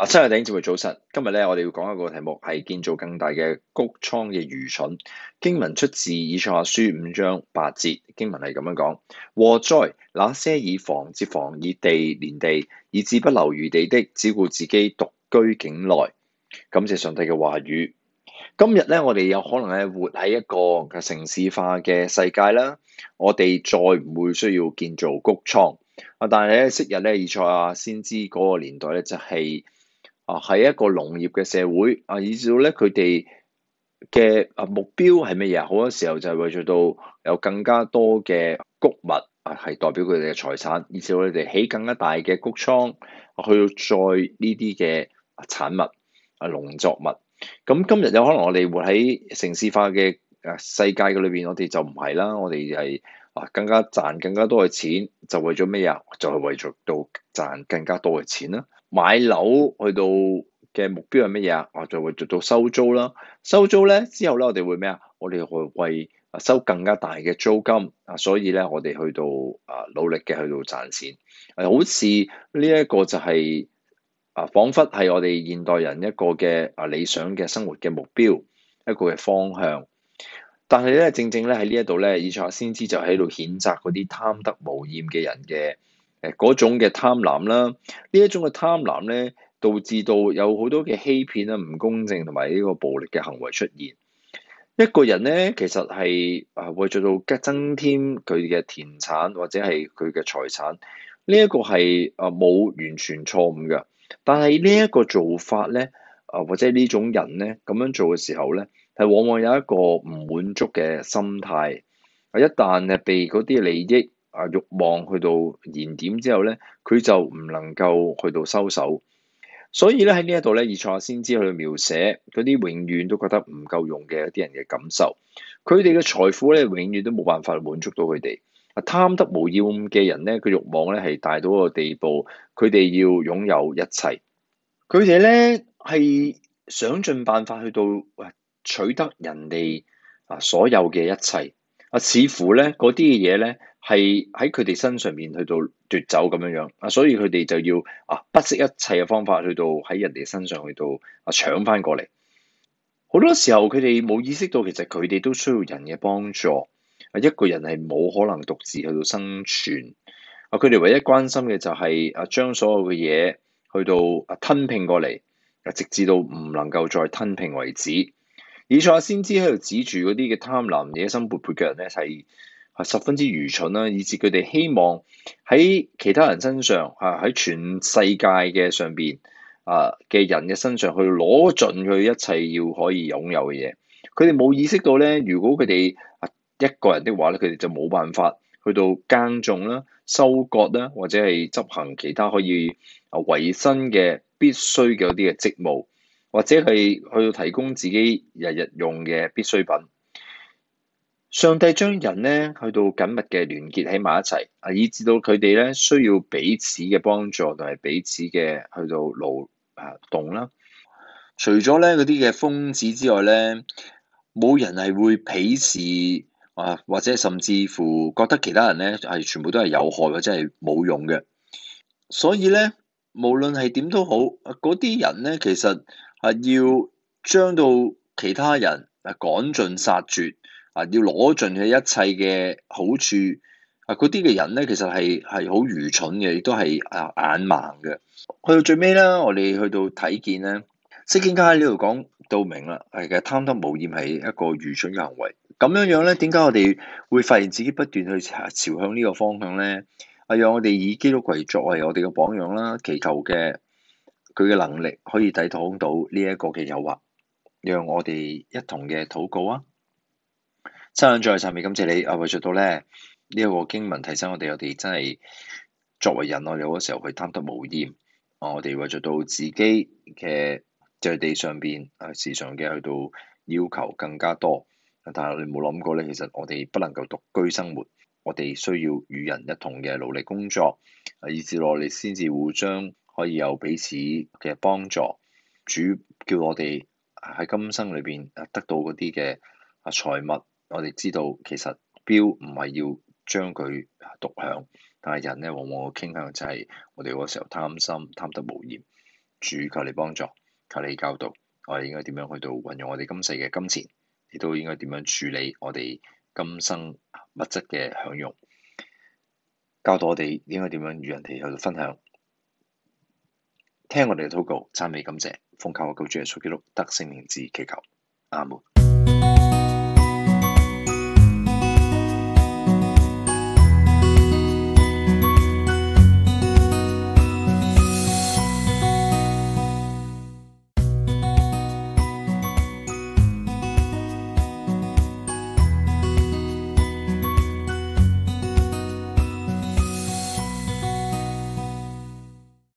啊，七日頂節目早晨，今日咧我哋要講一個題目，係建造更大嘅穀倉嘅愚蠢。經文出自以賽亞書五章八節，經文係咁樣講：禍哉！那些以房接房，以地連地，以致不留餘地的，只顧自己獨居境內。感謝上帝嘅話語。今日咧，我哋有可能係活喺一個城市化嘅世界啦，我哋再唔會需要建造穀倉。啊，但係咧昔日咧以賽亞先知嗰個年代咧就係。啊，喺一個農業嘅社會啊，以至到咧佢哋嘅啊目標係乜嘢？好多時候就係為咗到有更加多嘅谷物啊，係代表佢哋嘅財產，以至到佢哋起更加大嘅谷倉，去到載呢啲嘅產物啊農作物。咁今日有可能我哋會喺城市化嘅世界嘅裏邊，我哋就唔係啦，我哋係。啊，更加賺更加多嘅錢，就為咗咩啊？就係為咗到賺更加多嘅錢啦。買樓去到嘅目標係乜嘢啊？啊，就係為咗到收租啦。收租咧之後咧，我哋會咩啊？我哋會為啊收更加大嘅租金啊，所以咧我哋去到啊努力嘅去到賺錢。好似呢一個就係啊，仿佛係我哋現代人一個嘅啊理想嘅生活嘅目標，一個嘅方向。但係咧，正正咧喺呢一度咧，以賽亞先知就喺度譴責嗰啲貪得無厭嘅人嘅誒嗰種嘅貪婪啦，呢一種嘅貪婪咧，導致到有好多嘅欺騙啊、唔公正同埋呢個暴力嘅行為出現。一個人咧，其實係啊為咗到增添佢嘅田產或者係佢嘅財產，呢、這、一個係啊冇完全錯誤嘅，但係呢一個做法咧啊或者呢種人咧咁樣做嘅時候咧。係往往有一個唔滿足嘅心態，啊一旦咧被嗰啲利益啊慾望去到燃點之後咧，佢就唔能夠去到收手，所以咧喺呢一度咧以賽亞先知去描寫嗰啲永遠都覺得唔夠用嘅一啲人嘅感受，佢哋嘅財富咧永遠都冇辦法滿足到佢哋。啊貪得無厭嘅人咧，佢欲望咧係大到一個地步，佢哋要擁有一切，佢哋咧係想盡辦法去到喂，取得人哋啊所有嘅一切啊，似乎咧嗰啲嘅嘢咧係喺佢哋身上面去到奪走咁樣樣啊，所以佢哋就要啊不惜一切嘅方法去到喺人哋身上去到啊搶翻過嚟。好多時候佢哋冇意識到，其實佢哋都需要人嘅幫助。啊，一個人係冇可能獨自去到生存。啊，佢哋唯一關心嘅就係啊將所有嘅嘢去到啊吞併過嚟啊，直至到唔能夠再吞併為止。以賽亞先知喺度指住嗰啲嘅貪婪、野心勃勃嘅人咧，係係十分之愚蠢啦，以至佢哋希望喺其他人身上，啊喺全世界嘅上邊啊嘅人嘅身上去攞盡佢一切要可以擁有嘅嘢。佢哋冇意識到咧，如果佢哋一個人的話咧，佢哋就冇辦法去到耕種啦、收割啦，或者係執行其他可以維生嘅必須嘅嗰啲嘅職務。或者係去，去到提供自己日日用嘅必需品，上帝將人咧去到緊密嘅聯結喺埋一齊，啊，以至到佢哋咧需要彼此嘅幫助同埋彼此嘅去到勞啊動啦。除咗咧嗰啲嘅瘋子之外咧，冇人係會鄙視啊，或者甚至乎覺得其他人咧係全部都係有害或者係冇用嘅。所以咧，無論係點都好，嗰啲人咧其實。啊！要將到其他人啊趕盡殺絕啊！要攞盡佢一切嘅好處啊！嗰啲嘅人咧，其實係係好愚蠢嘅，亦都係啊眼盲嘅。到去到最尾啦，我哋去到睇見咧，即應家喺呢度講到明啦。係嘅，貪得無厭係一個愚蠢嘅行為。咁樣樣咧，點解我哋會發現自己不斷去朝向呢個方向咧？啊！讓我哋以基督為作為我哋嘅榜樣啦，祈求嘅，佢嘅能力可以抵擋到呢一個嘅誘惑，讓我哋一同嘅禱告啊！真係在神面前感謝你啊！為著到咧呢、這個經文提醒我哋，我哋真係作為人我哋有時候去貪得無厭、啊、我哋為著到自己嘅在地上面啊時常嘅去到要求更加多，啊、但係你冇諗過咧，其實我哋不能夠獨居生活，我哋需要與人一同嘅努力工作啊，以至落嚟先至互相，可以有彼此嘅幫助，主叫我哋喺今生裏邊得到嗰啲嘅財物，我哋知道其實標唔係要將佢獨享，但係人呢往往嘅傾向就係我哋嗰時候貪心、貪得無厭。主求你幫助，求你教導我哋應該點樣去到運用我哋今世嘅金錢，亦都應該點樣處理我哋今生物質嘅享用，教導我哋應該點樣與人哋去分享。聽我哋嘅禱告，讚美感謝，奉靠我救主耶穌基督得聖靈之祈求，阿門。